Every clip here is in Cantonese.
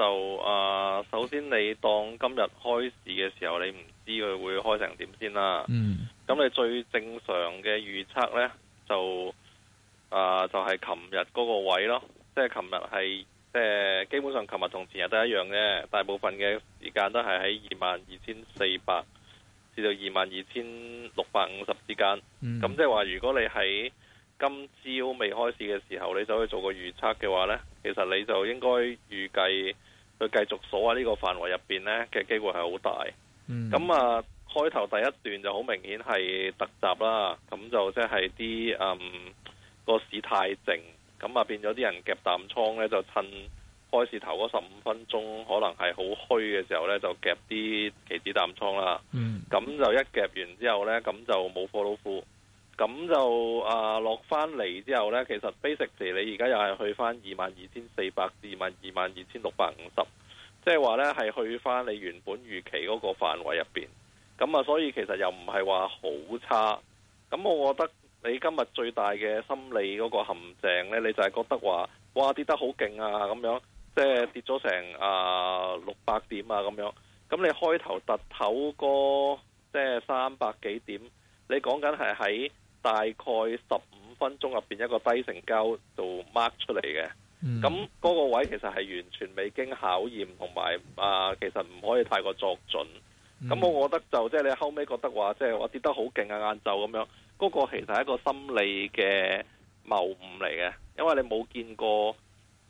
就啊、呃，首先你當今日開市嘅時候，你唔知佢會開成點先啦。嗯。咁你最正常嘅預測呢，就啊、呃，就係琴日嗰個位咯。即係琴日係，即係基本上琴日同前日都一樣嘅，大部分嘅時間都係喺二萬二千四百至到二萬二千六百五十之間。咁、嗯、即係話，如果你喺今朝未開市嘅時候，你就可以做個預測嘅話呢，其實你就應該預計。佢繼續鎖喺呢個範圍入邊呢，嘅機會係好大，咁、嗯、啊開頭第一段就好明顯係突襲啦，咁就即係啲嗯、個市太靜，咁啊變咗啲人夾淡倉呢，就趁開市頭嗰十五分鐘可能係好虛嘅時候呢，就夾啲期指淡倉啦，咁、嗯、就一夾完之後呢，咁就冇 follow through。咁就啊落翻嚟之後呢，其實 basic 市你而家又係去翻二萬二千四百至萬二萬二千六百五十，即係話呢係去翻你原本預期嗰個範圍入面。咁啊，所以其實又唔係話好差。咁我覺得你今日最大嘅心理嗰個陷阱呢，你就係覺得話哇跌得好勁啊咁樣，即係跌咗成啊六百點啊咁樣。咁你開頭突頭個即係三百幾點，你講緊係喺大概十五分鐘入邊一個低成交度 mark 出嚟嘅，咁嗰、嗯、個位其實係完全未經考驗，同埋啊，其實唔可以太過作準。咁、嗯、我覺得就即係、就是、你後尾覺得話即係話跌得好勁啊，晏晝咁樣，嗰個其實係一個心理嘅謬誤嚟嘅，因為你冇見過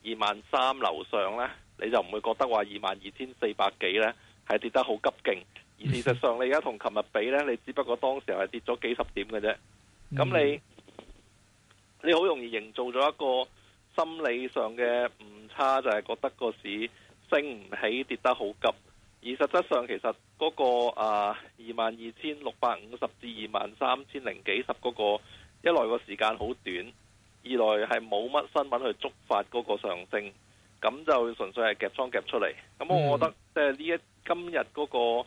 二萬三樓上呢，你就唔會覺得話二萬二千四百幾呢係跌得好急勁。而事實上，你而家同琴日比呢，你只不過當時候係跌咗幾十點嘅啫。咁你你好容易營造咗一個心理上嘅誤差，就係覺得個市升唔起，跌得好急。而實質上其實嗰個啊二萬二千六百五十至二萬三千零幾十嗰個，一來個時間好短，二來係冇乜新聞去觸發嗰個上升，咁就純粹係夾倉夾出嚟。咁我覺得即係呢一今日嗰個。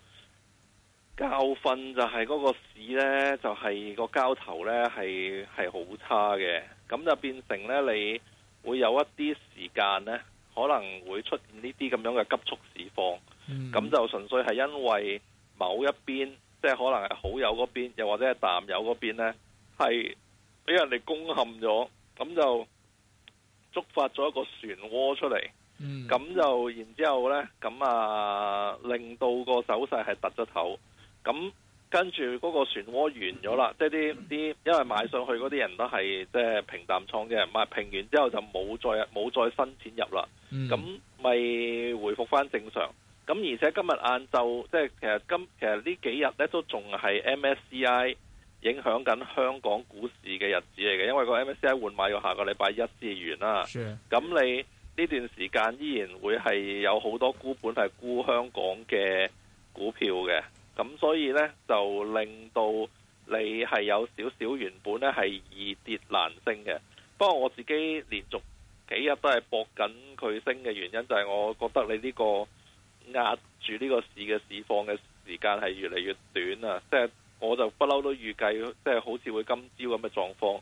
教訓就係嗰個市呢就係、是、個交投呢係係好差嘅，咁就變成呢你會有一啲時間呢可能會出現呢啲咁樣嘅急速市況，咁就純粹係因為某一邊，即、就、係、是、可能係好友嗰邊，又或者係淡友嗰邊呢係俾人哋攻陷咗，咁就觸發咗一個漩渦出嚟，咁就然之後呢咁啊令到個走勢係突咗頭。咁跟住嗰個旋渦完咗啦，即係啲啲，因為買上去嗰啲人都係即係平淡倉嘅，唔係平完之後就冇再冇再新錢入啦。咁咪、嗯、回復翻正常。咁而且今日晏晝即係其實今其實幾呢幾日咧都仲係 MSCI 影響緊香港股市嘅日子嚟嘅，因為個 MSCI 換買要下個禮拜一至完啦。咁是你呢段時間依然會係有好多沽本係沽香港嘅股票嘅。咁所以呢，就令到你係有少少原本呢係易跌難升嘅。不過我自己連續幾日都係搏緊佢升嘅原因就係、是、我覺得你呢個壓住呢個市嘅市況嘅時間係越嚟越短啊！即、就、係、是、我就不嬲都預計，即、就、係、是、好似會今朝咁嘅狀況，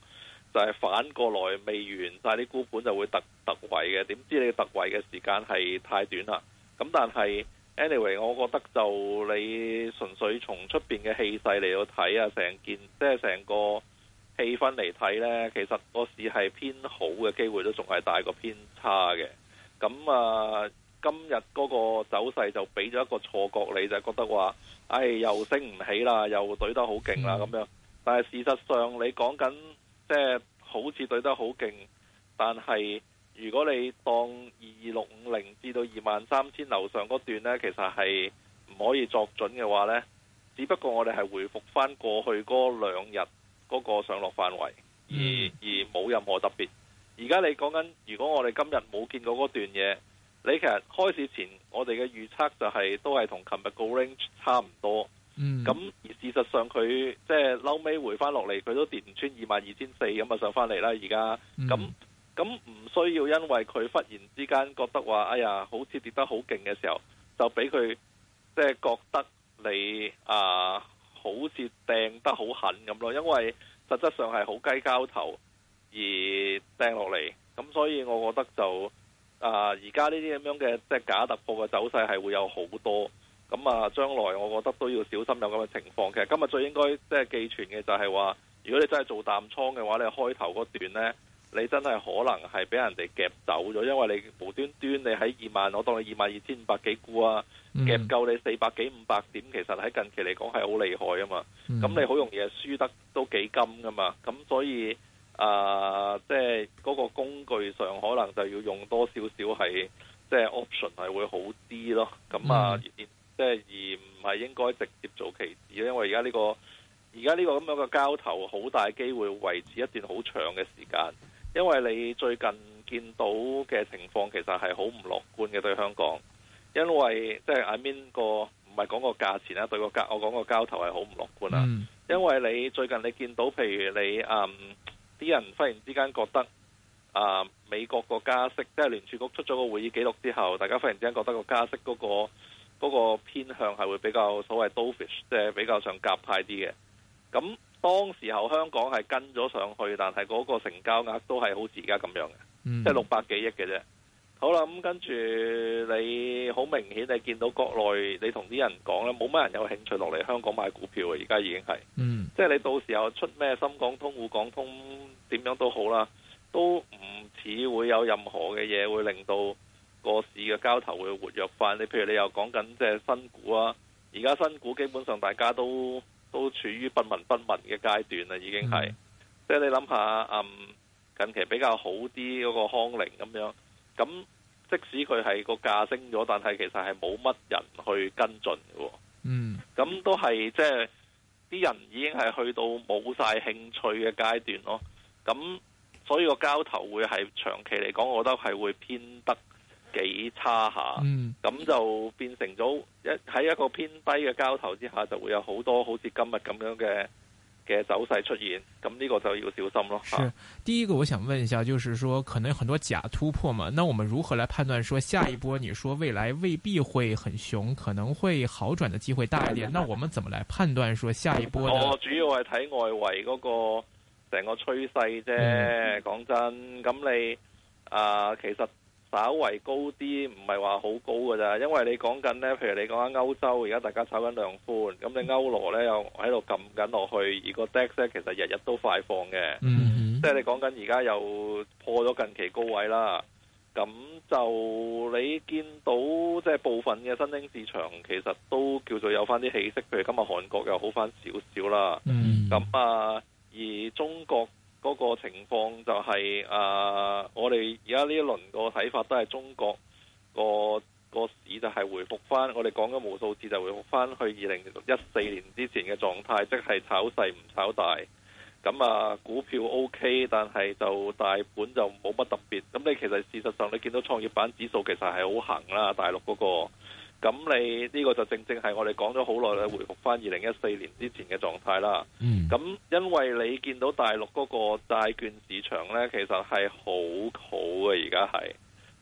就係、是、反過來未完，但係啲沽盤就會突突圍嘅。點知你突圍嘅時間係太短啦。咁但係。Anyway，我覺得就你純粹從出面嘅氣勢嚟到睇啊，成件即係成個氣氛嚟睇呢，其實個市係偏好嘅機會都仲係大過偏差嘅。咁啊，今日嗰個走勢就俾咗一個錯覺，你就係覺得話，唉、哎，又升唔起啦，又懟得好勁啦咁樣。但係事實上，你講緊即係好似懟得好勁，但係。如果你當二二六五零至到二萬三千樓上嗰段呢，其實係唔可以作準嘅話呢，只不過我哋係回復翻過去嗰兩日嗰個上落範圍，而而冇任何特別。而家你講緊，如果我哋今日冇見到嗰段嘢，你其實開始前我哋嘅預測就係、是、都係同琴日嘅 range 差唔多。咁、嗯、而事實上佢即係後尾回翻落嚟，佢都跌唔穿二萬二千四咁啊，上返嚟啦。而家咁咁唔。嗯需要因為佢忽然之間覺得話，哎呀，好似跌得好勁嘅時候，就俾佢即係覺得你啊，好似掟得好狠咁咯。因為實質上係好雞交頭而掟落嚟，咁所以我覺得就啊，而家呢啲咁樣嘅即係假突破嘅走勢係會有好多。咁啊，將來我覺得都要小心有咁嘅情況。其實今日最應該即係記存嘅就係話，如果你真係做淡倉嘅話，你開頭嗰段呢。你真係可能係俾人哋夾走咗，因為你無端端你喺二萬，我當你二萬二千五百幾股啊，嗯、夾夠你四百幾五百點，其實喺近期嚟講係好厲害啊嘛。咁、嗯、你好容易係輸得都幾金噶嘛。咁所以啊，即係嗰個工具上可能就要用多少少係即係、就是、option 係會好啲咯。咁啊，即係、嗯、而唔係、就是、應該直接做期指，因為而家呢個而家呢個咁樣嘅交投好大機會維持一段好長嘅時間。因為你最近見到嘅情況其實係好唔樂觀嘅，對香港，因為即係 I mean, 個唔係講個價錢啦，對個交我講個交投係好唔樂觀啦。嗯、因為你最近你見到譬如你嗯啲人忽然之間覺得啊、嗯、美國個加息，即係聯儲局出咗個會議記錄之後，大家忽然之間覺得個加息嗰、嗰個嗰個偏向係會比較所謂 dovish，即係比較上鴿派啲嘅咁。當時候香港係跟咗上去，但係嗰個成交額都係好似、嗯、而家咁樣嘅，即係六百幾億嘅啫。好啦，咁跟住你好明顯，你見到國內你同啲人講咧，冇乜人有興趣落嚟香港買股票嘅，而家已經係，嗯、即係你到時候出咩深港通、滬港通，點樣都好啦，都唔似會有任何嘅嘢會令到個市嘅交投會活躍返。你譬如你又講緊即係新股啊，而家新股基本上大家都。都處於不聞不問嘅階段啦，已經係。嗯、即係你諗下，嗯，近期比較好啲嗰、個康寧咁樣，咁即使佢係個價升咗，但係其實係冇乜人去跟進嘅喎。嗯，咁都係即係啲人已經係去到冇晒興趣嘅階段咯。咁所以個交投會係長期嚟講，我覺得係會偏得幾差下，咁就變成咗一喺一個偏低嘅交投之下，就會有好多好似今日咁樣嘅嘅走勢出現。咁呢個就要小心咯。是第一個，我想問一下，就是說可能有很多假突破嘛？那我們如何來判斷說下一波？你說未來未必會很熊，可能會好轉的機會大一點。那我們怎麼來判斷說下一波呢？我，主要係睇外圍嗰個成個趨勢啫。講 Yeah. 真，咁你啊、呃，其實。稍微高啲，唔係話好高㗎咋，因為你講緊呢，譬如你講緊歐洲，而家大家炒緊量寬，咁你歐羅呢又喺度撳緊落去，而個 DAX 呢其實日日都快放嘅，mm hmm. 即係你講緊而家又破咗近期高位啦，咁就你見到即係、就是、部分嘅新興市場其實都叫做有翻啲氣息，譬如今日韓國又好翻少少啦，咁、mm hmm. 啊，而中國。嗰個情況就係啊，我哋而家呢一輪個睇法都係中國個個市就係回覆翻，我哋講咗無數次就回覆翻去二零一四年之前嘅狀態，即係炒細唔炒大。咁啊，股票 OK，但係就大盤就冇乜特別。咁你其實事實上你見到創業板指數其實係好行啦，大陸嗰個。咁你呢、呢個就正正係我哋講咗好耐你回復，翻二零一四年之前嘅狀態啦。咁、嗯、因為你見到大陸嗰個債券市場呢，其實係好好嘅。而家係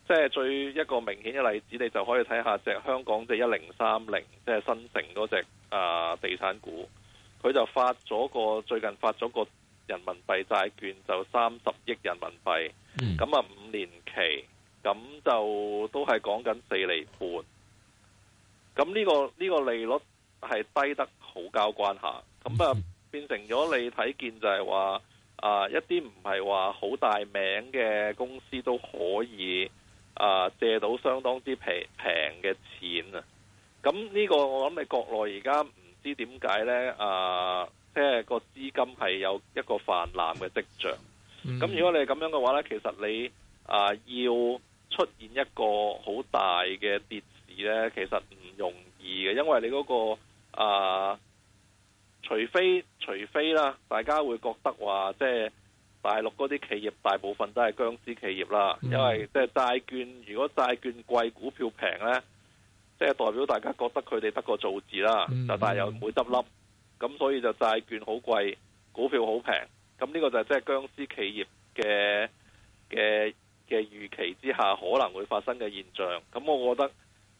即係最一個明顯嘅例子，你就可以睇下隻香港隻一零三零，即係新城嗰隻地產股，佢就發咗個最近發咗個人民幣債券，就三十億人民幣，咁啊、嗯、五年期，咁就都係講緊四厘半。咁呢個呢個利率係低得好交關下，咁啊，變成咗你睇見就係話啊，一啲唔係話好大名嘅公司都可以啊、呃、借到相當之平平嘅錢啊，咁呢個我諗你國內而家唔知點解呢？啊、呃，即係個資金係有一個泛濫嘅跡象。咁、嗯、如果你咁樣嘅話呢，其實你啊、呃、要出現一個好大嘅跌市呢，其實。容易嘅，因為你嗰個啊，除非除非啦，大家會覺得話，即係大陸嗰啲企業大部分都係僵屍企業啦。嗯、因為即係債券如果債券貴，股票平咧，即係代表大家覺得佢哋得個做字啦，就、嗯、但係又唔會執笠，咁、嗯、所以就債券好貴，股票好平。咁呢個就係即係僵屍企業嘅嘅嘅預期之下可能會發生嘅現象。咁我覺得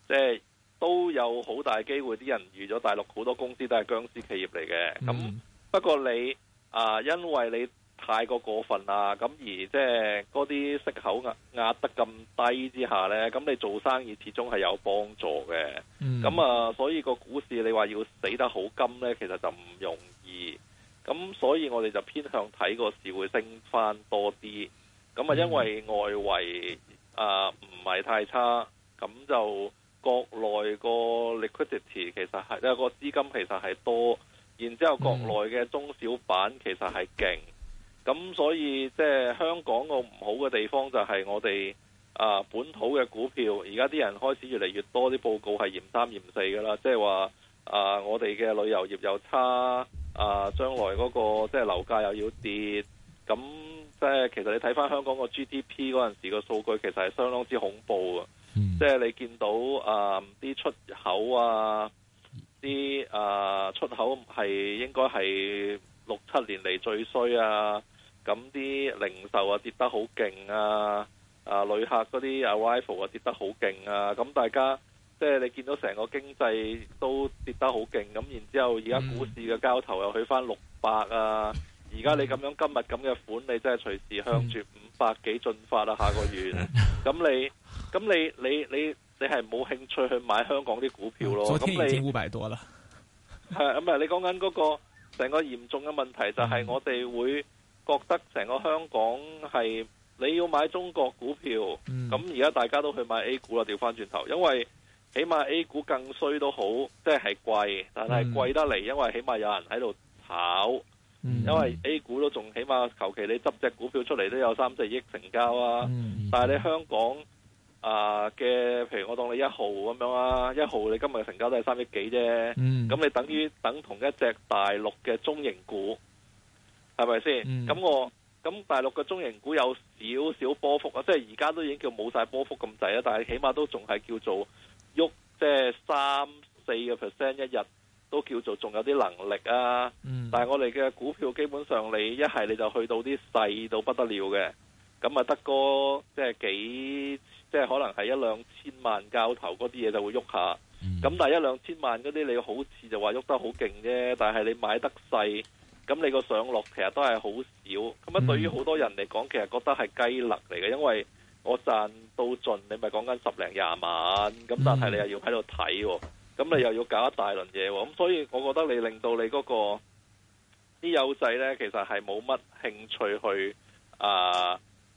即係。都有好大機會，啲人預咗大陸好多公司都係僵屍企業嚟嘅。咁、嗯、不過你啊，因為你太過過分啦，咁而即係嗰啲息口壓，壓得咁低之下呢，咁你做生意始終係有幫助嘅。咁、嗯、啊，所以個股市你話要死得好甘呢，其實就唔容易。咁所以我哋就偏向睇個市會升返多啲。咁啊，因為外圍啊唔係太差，咁就。國內個 liquidity 其實係，有個資金其實係多，然之後國內嘅中小板其實係勁，咁所以即係香港個唔好嘅地方就係我哋啊本土嘅股票，而家啲人開始越嚟越多啲報告係嫌三嫌四噶啦，即係話啊我哋嘅旅遊業又差，啊將來嗰個即係樓價又要跌，咁即係其實你睇翻香港個 GDP 嗰陣時個數據，其實係相當之恐怖啊！即係你見到啊啲、呃、出口啊，啲啊、呃、出口係應該係六七年嚟最衰啊，咁啲零售啊跌得好勁啊，啊、呃、旅客嗰啲啊 f 服啊跌得好勁啊，咁大家即係你見到成個經濟都跌得好勁，咁然之後而家股市嘅交投又去翻六百啊，而家你咁樣今日咁嘅款，你真係隨時向住五百幾進發啊。下個月，咁你。咁你你你你係冇興趣去買香港啲股票咯？昨天已經五百多啦。係咁啊！你講緊嗰個成個嚴重嘅問題就係我哋會覺得成個香港係你要買中國股票，咁而家大家都去買 A 股啦，調翻轉頭，因為起碼 A 股更衰都好，即係貴，但係貴得嚟，因為起碼有人喺度炒。嗯、因為 A 股都仲起碼求其你執隻股票出嚟都有三四億成交啊，嗯、但係你香港。啊嘅，譬如我當你一毫咁樣啦，一毫你今日嘅成交都係三億幾啫，咁、嗯、你等於等同一隻大陸嘅中型股，係咪先？咁、嗯、我咁大陸嘅中型股有少少波幅啊，即係而家都已經叫冇晒波幅咁滯啊，但係起碼都仲係叫做喐，即係三四個 percent 一日都叫做仲有啲能力啊。嗯、但係我哋嘅股票基本上你一係你就去到啲細到不得了嘅，咁啊德哥即係幾？即係可能係一兩千萬交投嗰啲嘢就會喐下，咁、嗯、但係一兩千萬嗰啲你好似就話喐得好勁啫，但係你買得細，咁你個上落其實都係好少。咁樣對於好多人嚟講，其實覺得係雞肋嚟嘅，因為我賺到盡，你咪講緊十零廿萬，咁但係你又要喺度睇喎，咁你又要搞一大輪嘢、哦，咁所以我覺得你令到你嗰、嗰個啲友仔呢，其實係冇乜興趣去啊。呃